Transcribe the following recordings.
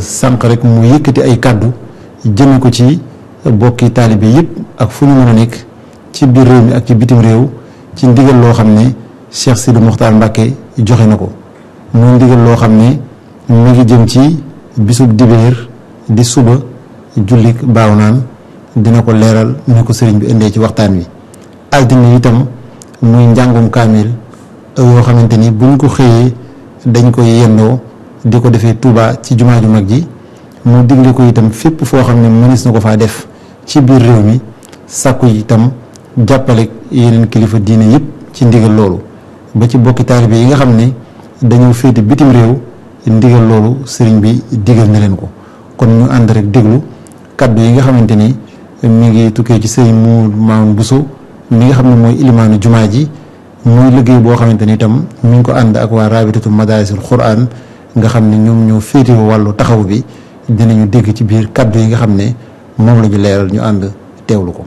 sànq rek mu yëkkati ay kàddu jëme ko ci bokki taalibe yëpp ak fu ñu mën nekk ci biir réew mi ak ci bitim réew ci ndigal loo xam ne Cheikh Sidi Mokhtar Mbacke joxe na ko muy ndigal loo xam ne mu ngi jëm ci bisub dibéer di suba jullik baaw naan dina ko leeral ni ko sëriñ bi indee ci waxtaan wi altine itam muy njàngum kaamil yoo xamante ni buñ ko xëyee dañ koy yendoo di ko defee Touba ci jumaa ju mag ji mu digle ko itam fépp foo xam ne mënees na ko faa def ci biir réew mi sàkku itam jàppale yeneen kilifa diine yëpp ci ndigal loolu ba ci bokki taalibe yi nga xam ne dañu féete bitim réew ndigal loolu sëriñ bi digal na leen ko kon ñu ànd rek déglu kaddu yi nga xamante ni mu ngi tukkee ci sëriñ mu Maam Bousso mi nga xam ne mooy ilimaanu jumaa ji muy liggéey boo xamante ni itam mi ngi ko ànd ak waa raabitatu madaarisul Quraan nga xam ne ñoom ñoo féetewoo wàllu taxaw bi dinañu dégg ci biir kàddu yi nga xam ne moom la leeral ñu ànd teewlu ko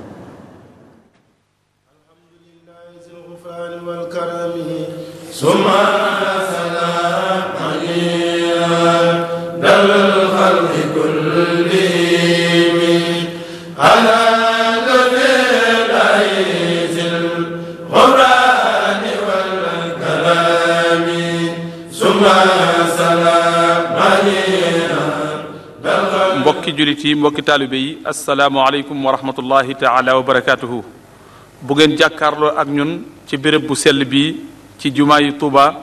ala mbokki jullit yi mbokki taalibe yi asalaamaaleykum wa rahmatullahi taala wa barakaatuhu bu ngeen jàkkaarloo ak ñun ci béréb bu sell bi ci jumaa yu Tuuba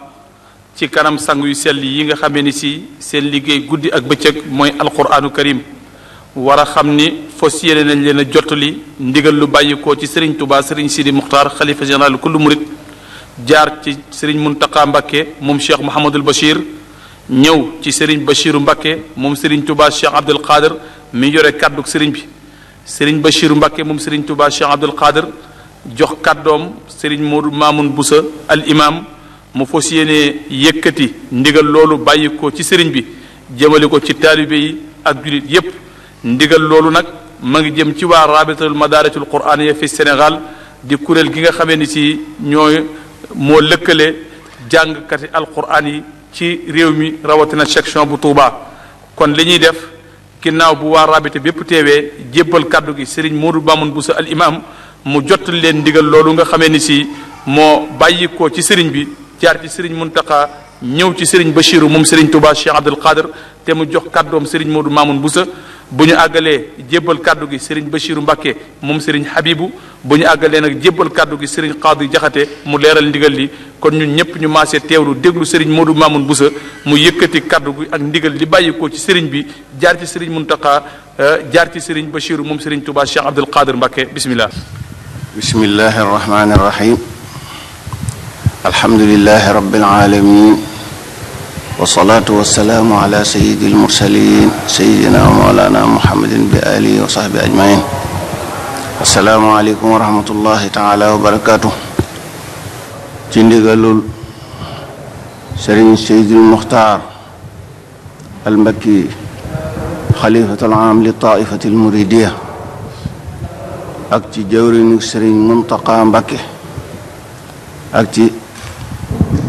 ci kanam sang yu sell yi nga xame ni si seen liggéey guddi ak bëccëg mooy alquraanu karim war a xam ni fos yéene nañ leen a jottali ndigal lu bàyyikoo ci sëriñ Tuuba sëriñ Sidi Muxtaar xalifa général kullu murit jaar ci sëriñ Muntaqa Mbàkke moom Cheikh Mouhamadul Bachir ñëw ci Serigne Bachiru Mbakke moom Serigne Touba Cheikh Abdoul Khader mi yore kaddu sëriñ bi Serigne Bachiru Mbakke moom Serigne Touba Cheikh Abdoul Khader jox kaddoom Serigne Modou Mamoun Boussa al imam mu fos yéene yëkkati ndigal loolu bàyyi ko ci Serigne bi jëmale ko ci taalibe yi ak jullit yépp ndigal loolu nag ma ngi jëm ci waa rabitatul madaarisul quraaniya fi Sénégal di kuréel gi nga xamee ni si ñooy moo lëkkale jàngkati alquran yi ci réew mi rawatina section bu Touba kon li ñuy def ginnaaw bu waa rabité bépp teewee jébbal kàddu gi sëriñ Modou Bamoun Bousso al imam mu jot leen ndigal loolu nga xame ni si moo bàyyi ko ci sëriñ bi jaar ci sëriñ Muntaqa ñëw ci sëriñ Bachiru moom sëriñ Touba Cheikh Abdul Qadir te mu jox kàddoom sëriñ Modou Mamoun Bousso bu ñu àggalee jébbal kàddu gi sëriñ Bachiru Mbàkke moom sëriñ Habibu bu ñu àggalee nag jébbal kàddu gi sëriñ Xaadi Jaxate mu leeral ndigal li kon ñu ñëpp ñu maasee teewlu déglu sëriñ Moodu Maamun Busa mu yëkkati kàddu gi ak ndigal li bàyyikoo ci sëriñ bi jaar ci sëriñ Muntaqa euh, jaar ci sëriñ Bachiru moom sëriñ Tuubaa Cheikh Abdul Qadir Mbàkke bismillah bismillahi arrahmani arrahim alhamdulillahi wasalaatu wasalaamu ala sayidi almursalin sayidina wa mawlana muhammadin bi alihi wa sahbi ajmain asalaamu aleykum wa rahmatullahi taala wa barakaatu ci ndigalul sëriñ sayidil muxtaar almakki xalifatul aam li taifati almuridiya ak ci jawriñu sëriñ muntaqa mbakke ak ci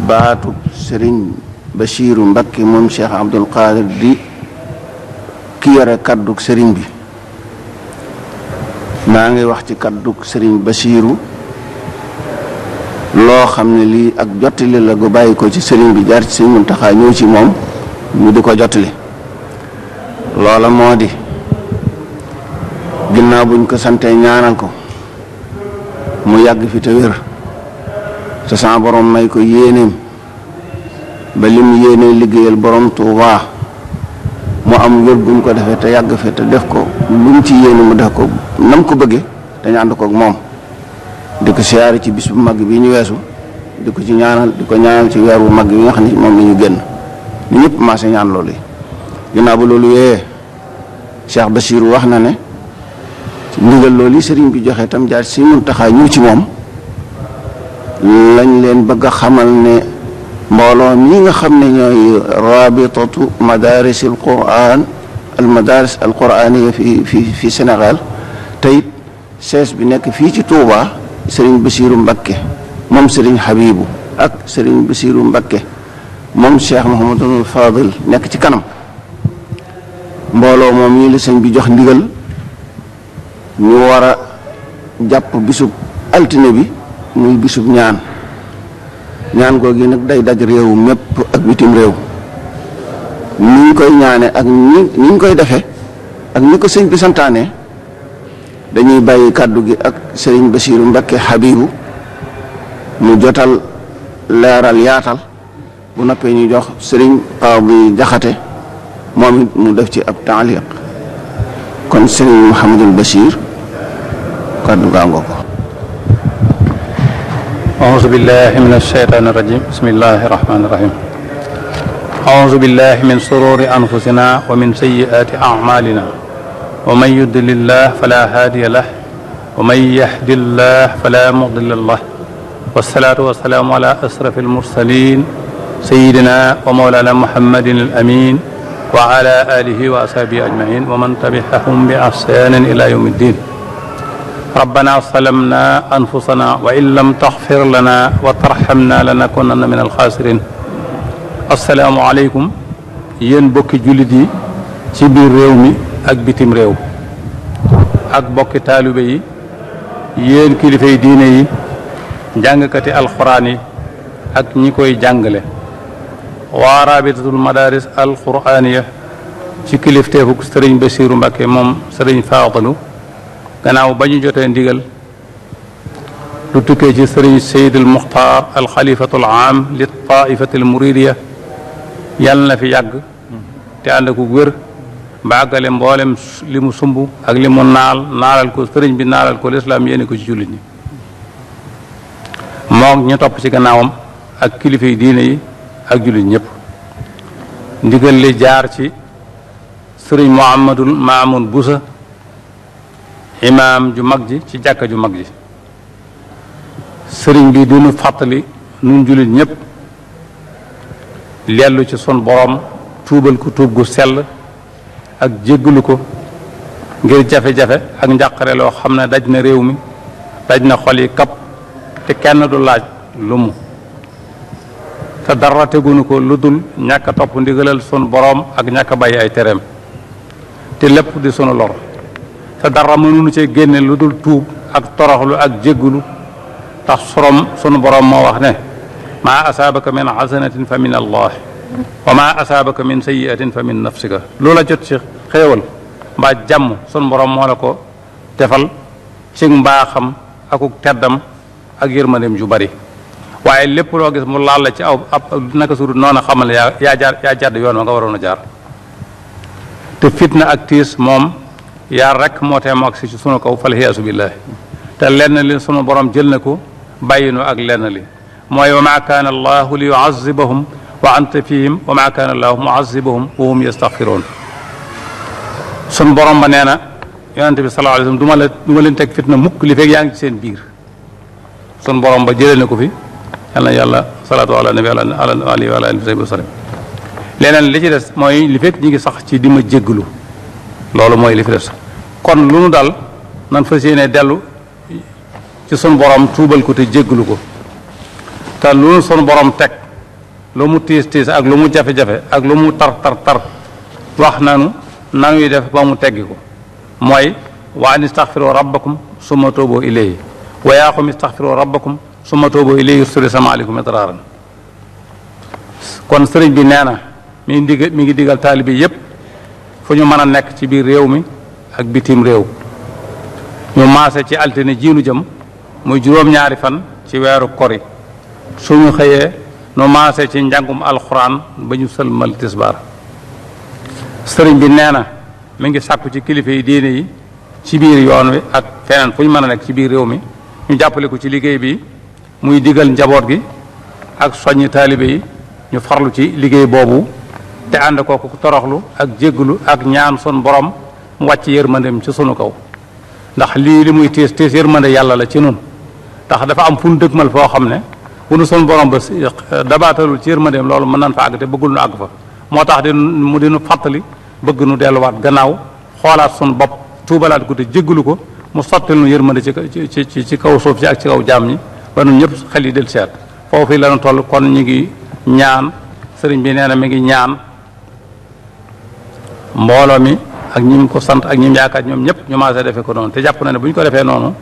baatu sëriñ Bachiru Mbacke moom Cheikh Abdoul Qadir di ki yore kaddug sëriñ bi maa ngi wax ci kaddug sëriñ Bachiru loo xam ne lii ak jottali la gu bàyyi ko ci sëriñ bi jaar ci sëriñ Muntaxa ñëw ci moom ñu di ko jottali loola moo di ginnaaw buñ ko santee ñaanal ko mu yàgg fi te wér te sama may ko yéeneem ba li mu yéenee liggéeyal borom Tuubaa mu am wér gu mu ko defee te yàgg fi te def ko lu mu ci yéene mu def ko nam ko bëggee dañu ànd koog moom di ko siyaare ci bis bu mag bi ñu weesu di ko ci ñaanal di ko ñaanal ci weer bu mag bi nga xam ne moom la ñu génn ñu ñëpp maase ñaan loolu yi ginnaaw ba loolu yee Cheikh Bassirou wax na ne ndigal loolu yi sëriñ bi joxee tam jaar si mun taxaa ñëw ci moom lañ leen bëgg a ne mbooloo ñi nga xam ne ñooy rabitatu madaris al quran al madaris al quraniya fi fi fi sees bi nekk fii ci Touba Serigne Bassirou Mbakke moom Serigne Habibou ak Serigne Bassirou Mbakke moom Cheikh Mouhamadul Fadil nekk ci kanam mbooloo moom ñii la sëñ bi jox ndigal ñu war a jàpp bisub altine bi muy bisub ñaan ñaan googu nag day daj réew mépp ak bitim réew ni ñu koy ñaane ak ni ñu koy defe ak ni ko sëñ bi dañuy bàyyi kàddu gi ak sëriñ Basiiru Mbakke Habibu mu jotal leeral yaatal bu noppee ñu jox sëriñ Qaadi Jaxate moom mu def ci ab taaliq kon sëriñ Mouhamadul Bachir kàddu gaango ko أعوذ بالله من الشيطان الرجيم بسم الله الرحمن الرحيم أعوذ بالله من شرور أنفسنا ومن سيئات أعمالنا ومن يضلل الله فلا هادي له ومن يهد الله فلا مضل له والصلاة والسلام على أشرف المرسلين سيدنا ومولانا محمد الأمين وعلى آله وأصحابه أجمعين ومن تبعهم بإحسان إلى يوم الدين rabbana zalamna anfusana wa in lam taxfir lana wa tarxamna lanakunanna min alxaasirin asalaamu aleykum yéen bokki jullit yi ci biir réew mi ak bitim réew ak bokki taalibe yi yéen kilifay diine yi jàngkati alxuraan yi ak ñi koy jàngale waa rabitatul madaris alquraaniya ci kilifteefu sëriñ Basiiru Mbàkke moom sëriñ Faadilu gannaaw ba ñu jotee ndigal lu tukkee ci sëriñ Seydil Muxtaar alxalifatul aam li taifatil muridiya yàlla na fi yàgg te ànd ku wér ba àggale mboolem li mu sumb ak li mu naal naalal ko sëriñ bi naalal ko lislaam yéene ko ci jullit ñi moom ñu topp ci gannaawam ak kilifa yi diine yi ak jullit ñëpp ndigal li jaar ci sëriñ Muhammadul Maamun Busa imaam ju mag ji ci jàkka ju mag ji sëriñ bi dinu fàttali nun njulit ñépp lellu ci sun boroom tuubal ku tuub gu sell ak jéggalu ko ngir jafe-jafe ak njàqare loo xam ne daj na réew mi daj na xol yi kap te kenn du laaj lu mu te dara tegunu ko lu dul ñàkk topp ndigalal sun boroom ak ñàkk bay ay tereem te lépp di sunu lor te dara mënuñu cee génne lu dul tuub ak toroxlu ak jéggulu tax sorom sunu borom moo wax ne maa asaabaka min xasanatin fa min allah wa maa asaabaka min sayiatin fa min nafsika loola jot ci xéewal mbaa jàmm sunu borom moo la ko defal ci mbaaxam akuk teddam ak yërmandeem ju bari waaye lépp loo gis mu laal la ci aw ab naka sudut noonu xamal yaa yaa jàdd yoon wa nga waroon a jaar te fitna ak tiis moom yaar rek moo tee mu agsi ci sunu kaw fal hiyaasu billaahi te lenn li sunu borom jël na ko bàyyi nu ak lenn li mooy wa maa kaana allahu li yuazibahum wa anta fihim wa maa kaana allahu muazibahum wa hum yastaxfiroon sunu borom ba nee na yonente bi sallallahu alayhi wa sallam du ma la du ma leen teg fitna mukk li fekk yaa ngi ci seen biir sunu borom ba jëlee na ko fi yal na yàlla salaatu ala nabi ala alihi wa ala alihi wa sallam leneen li ci des mooy li fekk ñi ngi sax ci di ma jégglu loolu mooy li fi des kon lu nu dal nan fa yéene dellu ci sunu borom tuubal ko te jéggalu ko te lu nu sunu borom teg lu mu tiis tiis ak lu mu jafe-jafe ak lu mu tar tar tar wax nanu nanuy def ba mu teggi ko mooy wa an istaxfiru rabbakum summa tuubu ilayhi wa yaa qawmi istaxfiru rabbakum summa tuubu ilayhi sama aleykum itraaran kon sëriñ bi nee na mu ngi digal mi ngi digal taalibi yépp fu ñu mën a nekk ci biir réew mi ak bitim réew ñu maase ci altine jiinu jëm muy juróom-ñaari fan ci weeru kori suñu xëyee nu maase ci njàngum alxuraan ba ñu sëlmal tisbaar sëriñ bi nee na mi ngi sàkku ci kilifa yi diine yi ci biir yoon wi ak feneen fu ñu mën a nekk ci biir réew mi ñu jàppale ko ci liggéey bi muy digal njaboot gi ak soññi taalibe yi ñu farlu ci liggéey boobu te ànd kooku toroxlu ak jégglu ak ñaan sun borom mu wàcc yërmandeem ci sunu kaw ndax lii li muy tiis tiis yërmande yàlla la ci nun ndax dafa am fu nu dëgmal foo xam ne bu nu sun borom ba eh, dabaatalul ci yërmandeem loolu mën nañ fa àgg te bëggul nu àgg fa moo tax di mu di nu fàttali bëgg nu delluwaat gannaaw xoolaat sun bopp tuubalaat ko te jégglu ko mu sottil nu yërmande ci ci ci kaw suuf si ak ci kaw jaam ñi ba nu ñëpp xel yi del seet foofu la nu toll kon ñu ngi ñaan sëriñ bi nee na mi ngi ñaan mbooloo mi ak ñi ko sant ak ñi yaakaar ñoom ñëpp ñu maasee defee ko noonu te jàpp na ne bu ñu ko defee noonu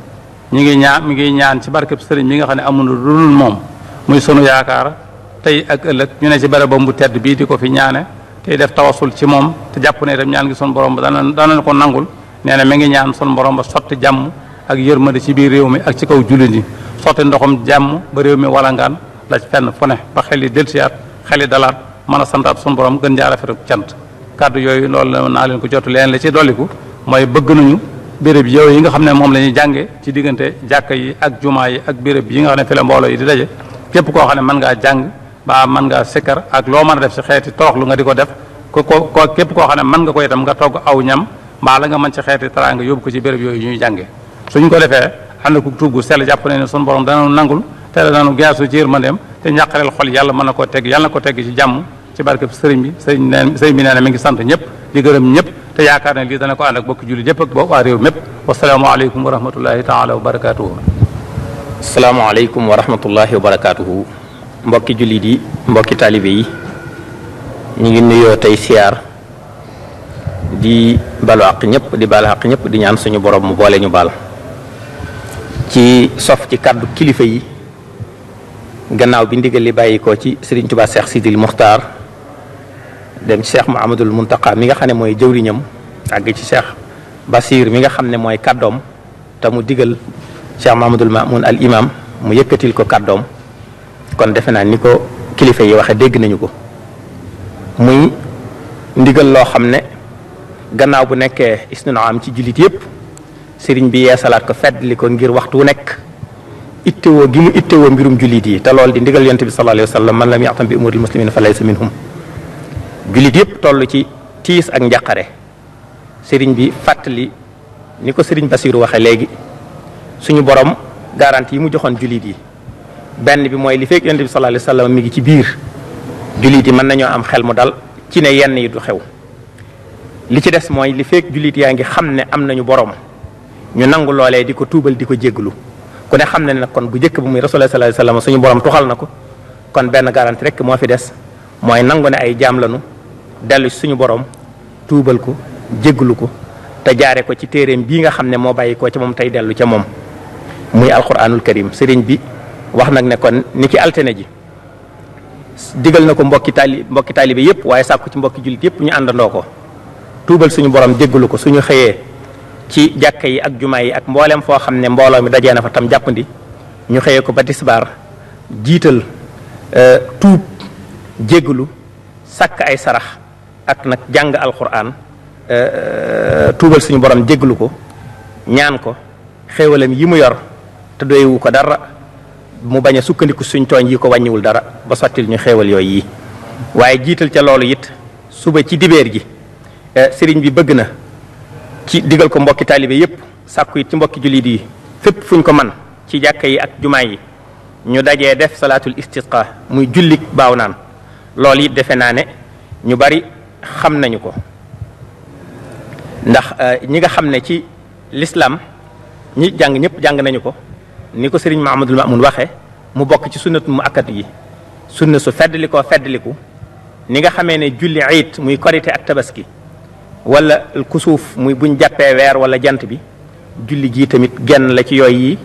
ñu ngi ñaan mi ngi ñaan ci barkeb sëriñ bi nga xam ne amul lu moom muy sunu yaakaar tey ak ëllëg ñu ne ci bérébam bu tedd bii di ko fi ñaane tey def tawasul ci moom te jàpp ne itam ñaan ngi sunu borom ba dana dana ko nangul nee na mi ngi ñaan sunu borom ba sotti jàmm ak yërmande ci biir réew mi ak ci kaw jullit yi sotti ndoxam jàmm ba réew mi ngaan la fenn fu ne ba xel yi delsiyaat xel yi dalaat mën a santaat sunu borom gën jaarafetu cant kaddu yooyu loolu la naa leen ko jot leen la ci dolliku mooy bëgg nañu béréb yooyu yi nga xam ne moom la ñuy jànge ci diggante jàkka yi ak jumaa yi ak béréb yi nga xam ne fi la mbooloo yi di daje képp koo xam ne mën ngaa jàng ba mën ngaa sikkar ak loo mën a def si xeeti toroxlu nga di ko def ko ko képp koo xam ne mën nga ko itam nga togg aw ñam mbaa la nga mën ci xeeti taraanga yóbbu ko ci béréb yooyu ñuy jànge suñ ko defee ànd ko tuub gu sell jàpp ne ne suñu borom danañu nangul te danañu geesu ma dem te njàqareel xol yàlla mën na koo teg yàlla na ko tegg ci jàmm ci barkeb sëriñ bi sëriñ neen sëriñ bi nee mi ngi sant ñëpp di gërëm ñëpp te yaakaar ne lii dana ko ànd ak bokki jullit yëpp ak boo waa réew mépp wasalaamaaleykum wa rahmatullahi taala wa barakatuhu asalaamaaleykum wa rahmatullahi wa barakatuhu mbokki jullit yi mbokki taalibe yi ñu ngi nuyoo tey siyaar di balu àq ñëpp di baal àq ñëpp di ñaan suñu borom mu boole ñu bal ci sof ci kàddu kilifa yi gannaaw bi ndigal li bàyyi ko ci Sëriñ Tuubaa Seex Sidil Muxtaar dem ci cheikh Mahamadul Muntaqa mi nga xam ne mooy jëwriñam àgg ci cheikh Basir mi nga xam ne mooy kaddoom te mu digal cheikh Mahamadul Mamoun al imam mu yëkkatil ko kaddoom kon defe naa ni ko kilifa yi waxe dégg nañu ko muy ndigal loo xam ne gannaaw bu nekkee na isnuna am ci jullit yépp sëriñ bi yeesalaat ko feddli ko ngir waxtu wu nekk ittewoo gi mu ittewoo mbirum jullit yi te loolu di ndigal yonent bi sallallahu alayhi wa sallam man lam bi umuril muslimina jullit yëpp tollu ci tiis ak njaqare sëriñ bi fàttali ni ko sëriñ Basiiru waxe léegi suñu borom garanti yi mu joxoon jullit yi benn bi mooy li fekk yonent bi sallallahu alayhi mi ngi ci biir jullit yi mën nañoo am xel mu dal ci ne yenn yi du xew li ci des mooy li fekk jullit yaa ngi xam ne am nañu borom ñu nangu loolee di ko tuubal di ko jéglu ku ne xam ne nag kon bu njëkk bu muy rasulullah sallallahu alayhi wa sallam suñu borom tuxal na ko kon benn garanti rek moo fi des mooy nangu ne ay jaam dellu ci suñu borom tuubal ko jégglu ko te jaare ko ci téeréem bii nga xam ne moo bàyyi ko ca moom tey dellu ca moom muy alquranul karim sëriñ bi wax nag ne kon ni ki altine ji digal na ko mbokki taali mbokki taalibe yépp waaye sàkku ci mbokki jullit yépp ñu àndandoo ko tuubal suñu borom jéggalu ko suñu xëyee ci jàkka yi ak jumaa yi ak mbooleem foo xam ne mbooloo mi dajee na fa tam jàppandi ñu xëyee ko ba tisbaar jiital euh, tuub jéggalu sàkk ay sarax ak nag jàng alquran euh, euh, tuubal suñu borom jéglu ko ñaan ko xéewalem yi mu yor te doyewu ko dara mu bañ a sukkandiku suñ tooñ yi ko wàññiwul dara ba sottil ñu xéewal yooyu yi waaye jiital ca loolu it suba ci dibeer gi euh, sëriñ bi bëgg na ci digal ko mbokki taalibe yépp sàkku it ci mbokki jullit yi fépp fuñ ko man ci jàkka yi ak jumaan yi ñu dajee def salaatul istisqa muy jullik baaw naan loolu it defe naa ne ñu bari xam nañu ko ndax euh, ñi nga xam ne ci lislaam ñi jàng ñëpp jàng nañu ko ni ko sëriñ Mahamadul Mamun waxee mu bokk ci sunnatu mu akkat yi sunna su feddlikoo feddliku ni nga xamee ne julli iit muy korité ak tabaski wala suuf muy buñ jàppee weer wala jant bi julli gii tamit genn la ci yooy yi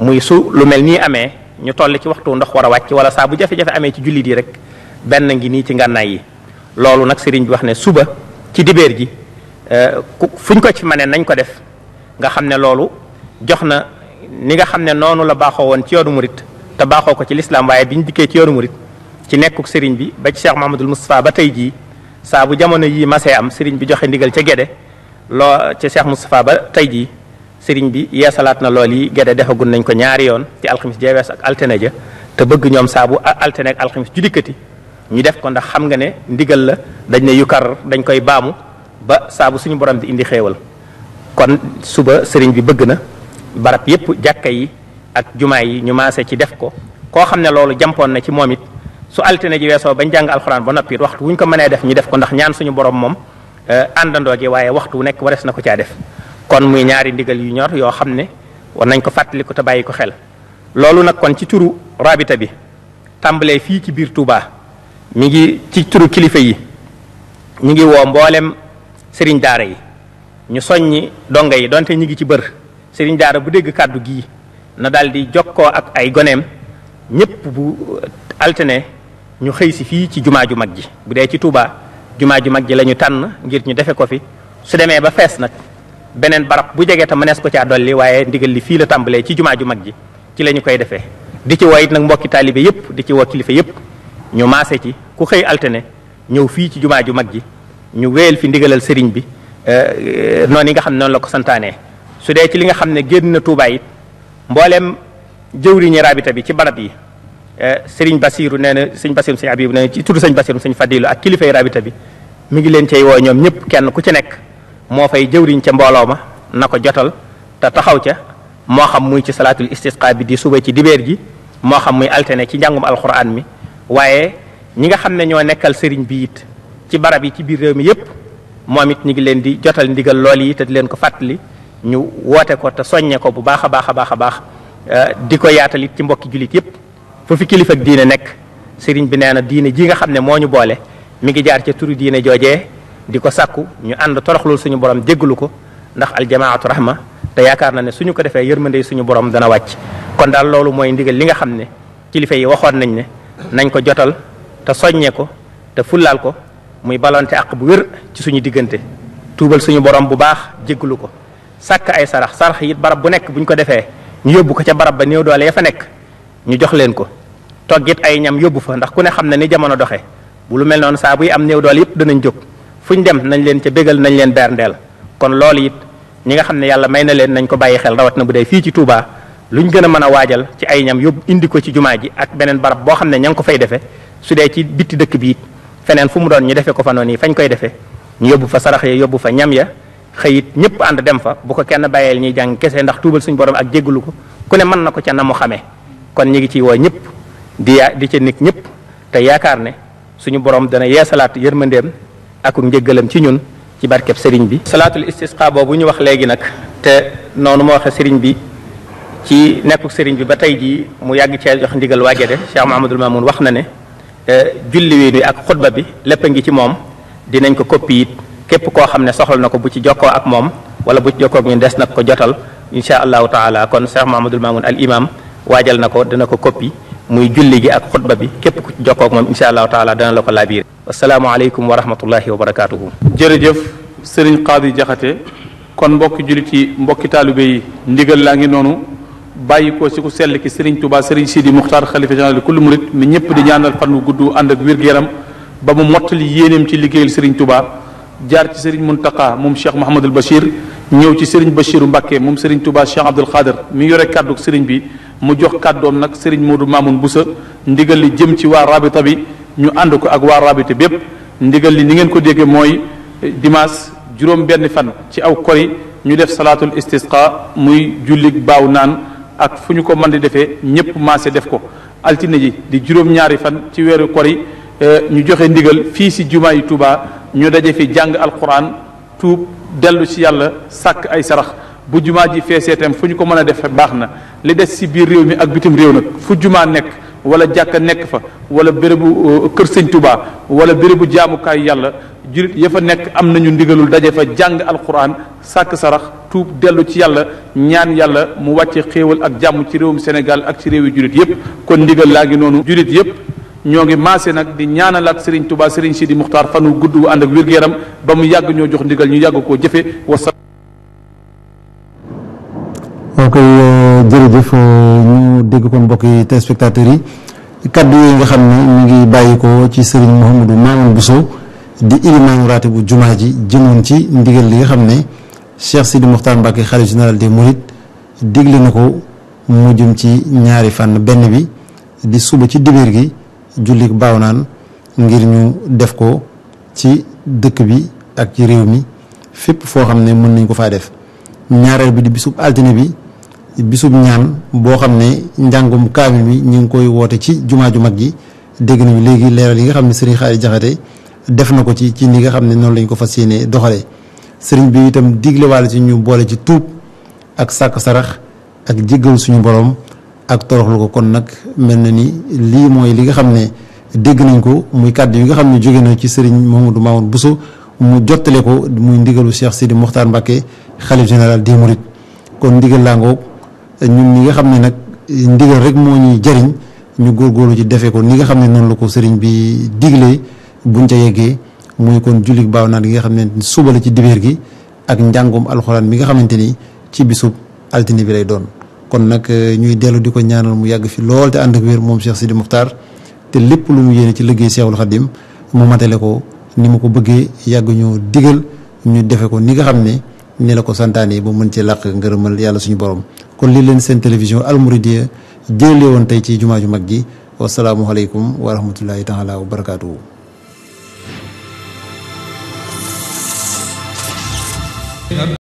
muy su lu mel nii amee ñu toll ci waxtu ndox war a wàcc wala saa bu jafe-jafe amee ci jullit yi rek benn ngi nii ci ngànnaay yi loolu nag sëriñ bi wax ne suba ci dibeer ji euh, fuñ ko ci mënee nañ ko def nga xam ne loolu jox na ni nga xam ne noonu la baaxoo woon ci yoonu murit te baaxoo ko ci lislaam waaye ñu dikkee ci yoonu murit ci nekkuk sëriñ bi ba ci Cheikh Mahamadul Moustapha ba tey jii saabu bu jamono yii masee am sëriñ bi joxe ndigal ca Gede loo ca Cheikh Moustapha ba tey jii sëriñ bi yeesalaat na lool yi Gede defagul nañ ko ñaari yoon ci alxamis jeewees ak altine ja te bëgg ñoom saa bu altine ak alxamis ju dikkati ñu def ko ndax xam nga ne ndigal la dañ ne yukar dañ koy baamu ba saabu suñu borom bi indi xewal kon suba sëriñ bi bëgg na barab yépp jàkka yi ak jumaa yi ñu maase ci def ko koo xam ne loolu jampoon na ci moom it su altine ji weesoo bañ jàng alxuraan ba noppi waxtu wuñ ko mënee def ñu def ko ndax ñaan suñu borom moom eh, àndandoo waaye waxtu wu nekk warees na ko caa def kon muy ñaari ndigal yu ñor yoo xam ne war nañ ko fàttali ko te bàyyi ko xel loolu nag kon ci turu rabita bi tàmbalee fii ci biir Touba. mi ngi ci turu kilifa yi ñu ngi woo mboolem sëriñ daara yi ñu soññi donga yi donte ñu ngi ci bër sëriñ daara bu dégg kàddu gii na daal jokkoo ak ay goneem ñëpp bu altine ñu xëy si fii ci jumaa ju mag ji bu dee ci Touba jumaa ju mag ji la ñu tànn ngir ñu defe ko fi su demee ba fees nag beneen barab bu jege te mënees ko caa dolli waaye ndigal li fii la tàmbalee ci jumaa ju mag ji ci la ñu koy defee di ci woo it nag mbokki taalibe yëpp di ci woo kilifa yëpp ñu maase ci ku xëy altene ñëw fii ci jumaa ju mag ji ñu wéyal fi ndigalal sëriñ bi euh, euh, noonu yi nga xam ne noonu la ko santaane su dee ci li nga xam ne génn na Tuubaa it mbooleem jëwriñi rabita bi ci barab yi euh, sëriñ Basiiru nee na sëñ Basiiru sëñ Abibu nee na ci tudd sëñ Basiiru sëñ Fadilu ak kilifay rabita bi mi ngi leen cey woo ñoom ñëpp kenn ku ci nekk moo fay jëwriñ ca mbooloo ma na ko jotal te taxaw ca moo xam muy ci salaatul istisqa bi di suba ci dibeer ji moo xam muy altine ci njàngum alquran mi waaye ñi nga xam ne ñoo nekkal sëriñ bi it ci barab yi ci biir réew mi yépp moom it ñu ngi leen di jotal ndigal lool yi te di leen ko fàttali ñu woote ko te soññe ko bu baax a baax a baax a baax euh, di ko yaatal it ci mbokki jullit yépp fu fi kilifa ak diine nekk sëriñ bi nee na diine ji nga xam ne moo ñu boole mi ngi jaar ca turi diine joojee di ko sàkku ñu ànd toroxlul suñu borom jéggalu ko ndax aljamaatu rahma te yaakaar na ne su ñu ko defee yërmande suñu borom dana wàcc kon daal loolu mooy ndigal li nga xam ne kilifa yi waxoon nañ ne nañ ko jotal te soññee ko te fullaal ko muy balante àq bu wér ci suñu diggante tuubal suñu borom bu baax jéggalu ko sàkk ay sarax sarax yi barab bu nekk buñ ko defee ñu yóbbu ko ca barab ba néew doole ya fa nekk ñu jox leen ko toggit ay ñam yóbbu fa ndax ku ne xam ne ni jamono doxe bu lu mel noonu saa buy am néew doole yëpp danañ jóg fu ñu dem nañ leen ca bégal nañ leen berndeel kon loolu it ñi nga xam ne yàlla may na leen nañ ko bàyyi xel rawat na bu dee fii ci Touba luñ gën a mën a waajal ci ay ñam yóbbu indi ko ci jumaa ji ak beneen barab boo xam ne ña ngi ko fay defee su dee ci bitti dëkk bi feneen fu mu doon ñu defee ko fa noonu yi fañ koy defee ñu fa sarax ya yóbbu fa ñam ya xëyit ñëpp ànd dem fa bu ko kenn bàyyeel ñuy jàng kese ndax tuubal suñu borom ak jéggalu ko ku ne mën na ko ca na mu kon ñu ngi ciy woo ñëpp di yaa di ci nit ñëpp te yaakaar ne suñu borom dana yeesalaat yërmandeem ak njëggalam ci ñun ci barkeb sëriñ bi salaatul istisqa boobu ñu wax léegi nag te noonu ma waxe sëriñ bi ci nekkuk sëriñ bi ba tey jii mu yàgg cee jox ndigal waa Gede Cheikh Mouhamadul Mamoun wax na ne eh, julli wi ni ak xutba bi lépp a ngi ci moom dinañ ko copie it képp koo xam ne soxla na ko bu ci jokkoo ak moom wala bu ci jokkoo ak ñun des nag ko jotal insha allahu taala kon Cheikh Mouhamadul Mamoun al imam waajal na ko dina ko copie muy julli gi ak xutba bi képp ku ci jokkoo ak moom insha allahu taala dana la ko laabiir. asalaamaaleykum wa rahmatullahi wa barakaatuhu. jërëjëf sëriñ Xaadi Jaxate kon mbokki jullit yi mbokki taalibe yi ndigal laa ngi noonu. bàyyi ko ci ku sell ki Serigne Touba Serigne Sidi Muxtaar xalifa général kullu murit mi ñëpp di ñaanal fan wu gudd ànd ak wér-gu-yaram ba mu mottali yéeneem ci liggéeyal Serigne tubaa jaar ci Serigne Mountakha moom Cheikh Mouhamadul Bachir ñëw ci Serigne Bachiru Mbacke moom Serigne Touba Cheikh Abdoul Khader mi yore kàddu Serigne bi mu jox kàddoom nag Serigne Modou Mamoun Boussa ndigal li jëm ci waa rabita bi ñu ànd ko ak waa rabita bépp ndigal li ni ngeen ko déggee mooy dimaas juróom benn fan ci aw kori ñu def salaatul istisqa muy jullig baaw naan ak fu ñu ko mën di defee ñëpp maase def ko altine ji di juróom-ñaari fan ci weeru kor yi eh, ñu joxe ndigal fii si jumaa yi Tuuba ñu daje fi jàng alquran tuub dellu si yàlla sàkk ay sarax bu jumaa ji feesee tam fu ñu ko mën a def baax na li des si biir réew mi ak bitim réew nag fu jumaa nekk wala jàkka nekk fa wala bérébu euh, kër sëñ tubaa wala bérébu jaamukaay yàlla jurit ya fa nekk am nañu ndigalul daje fa jàng alquran sàkk sarax tuub dellu ci yàlla ñaan yàlla mu wàcce xéewal ak jàmm ci réewum senegal ak ci réewi jurit yépp kon ndigal laa ngi noonu jurit yépp ñoo ngi maase nag di ñaanalaat Serigne Touba Serigne Sidi Muxtaar fan wu gudd wu ànd ak wér yaram ba mu yàgg ñoo jox ndigal ñu yàgg koo jëfe wasa jërëjëf euh, ñu dégg kon mbokk yi téléspectateurs yi kaddu yi nga xam ne mu ngi bàyyi ko ci Serigne Mouhamadou Mamoun Bousso di ilimaanu raate bu jumaa ji jëmoon ci ndigal li nga xam ne Cheikh Sidi Mokhtar Mbacké xalif général des Mourides digle na ko mu jëm ci ñaari fànn benn bi di suba ci dibéer gi jullik baaw naan ngir ñu def ko ci dëkk bi ak ci réew mi fépp foo xam ne mën nañ ko faa def ñaareel bi di bisub altine bi bisub ñaan boo xam ne njàngum kaamil bi ñu ngi koy woote ci jumaa ju mag ji dégg nañu léegi leeral yi nga xam ne sëriñ Xaari Jaxate def na ko ci ci ni nga xam ne noonu lañ ko fa yéene doxalee sëriñ bi itam diglewaale ci ñu boole ci tuub ak sàkk sarax ak jéggal suñu borom ak toroxlu ko kon nag mel na ni lii mooy li nga xam ne dégg nañ ko muy kàdd yi nga xam ne jóge na ci sëriñ Mamadou Mamoun Bousso mu jottale ko muy ndigalu Cheikh Sidi Mokhtar Mbacké xalif général des kon ndigal laa ñun ñi nga xam ne nag ndigal rek moo ñuy jariñ ñu góorgóorlu ci defee ko ni nga xam ne noonu la ko sëriñ bi diglee buñ ca yeggee muy kon jullit baaw naa li nga xam ne suba la ci dibéer gi ak njàngum alxuraan bi nga xamante ni ci bisub altine bi lay doon. kon nag euh, ñuy dellu di ko ñaanal mu yàgg fi lool te ànd ak wér moom Cheikh Sidi Mokhtar te lépp lu mu yéene ci liggéey Cheikhul Khadim mu matale ko ni mu ko bëggee yàgg ñoo digal ñu defe ko ni nga xam ne. ni la ko santaane ba mën ci làq ngërëmal yàlla suñu borom kon lii leen seen télévision Al Mouridiyyah jëlee woon tey ci jumaa ju mag ji wasalaamualeykum wa rahmatullahi taala wa barakaatuhu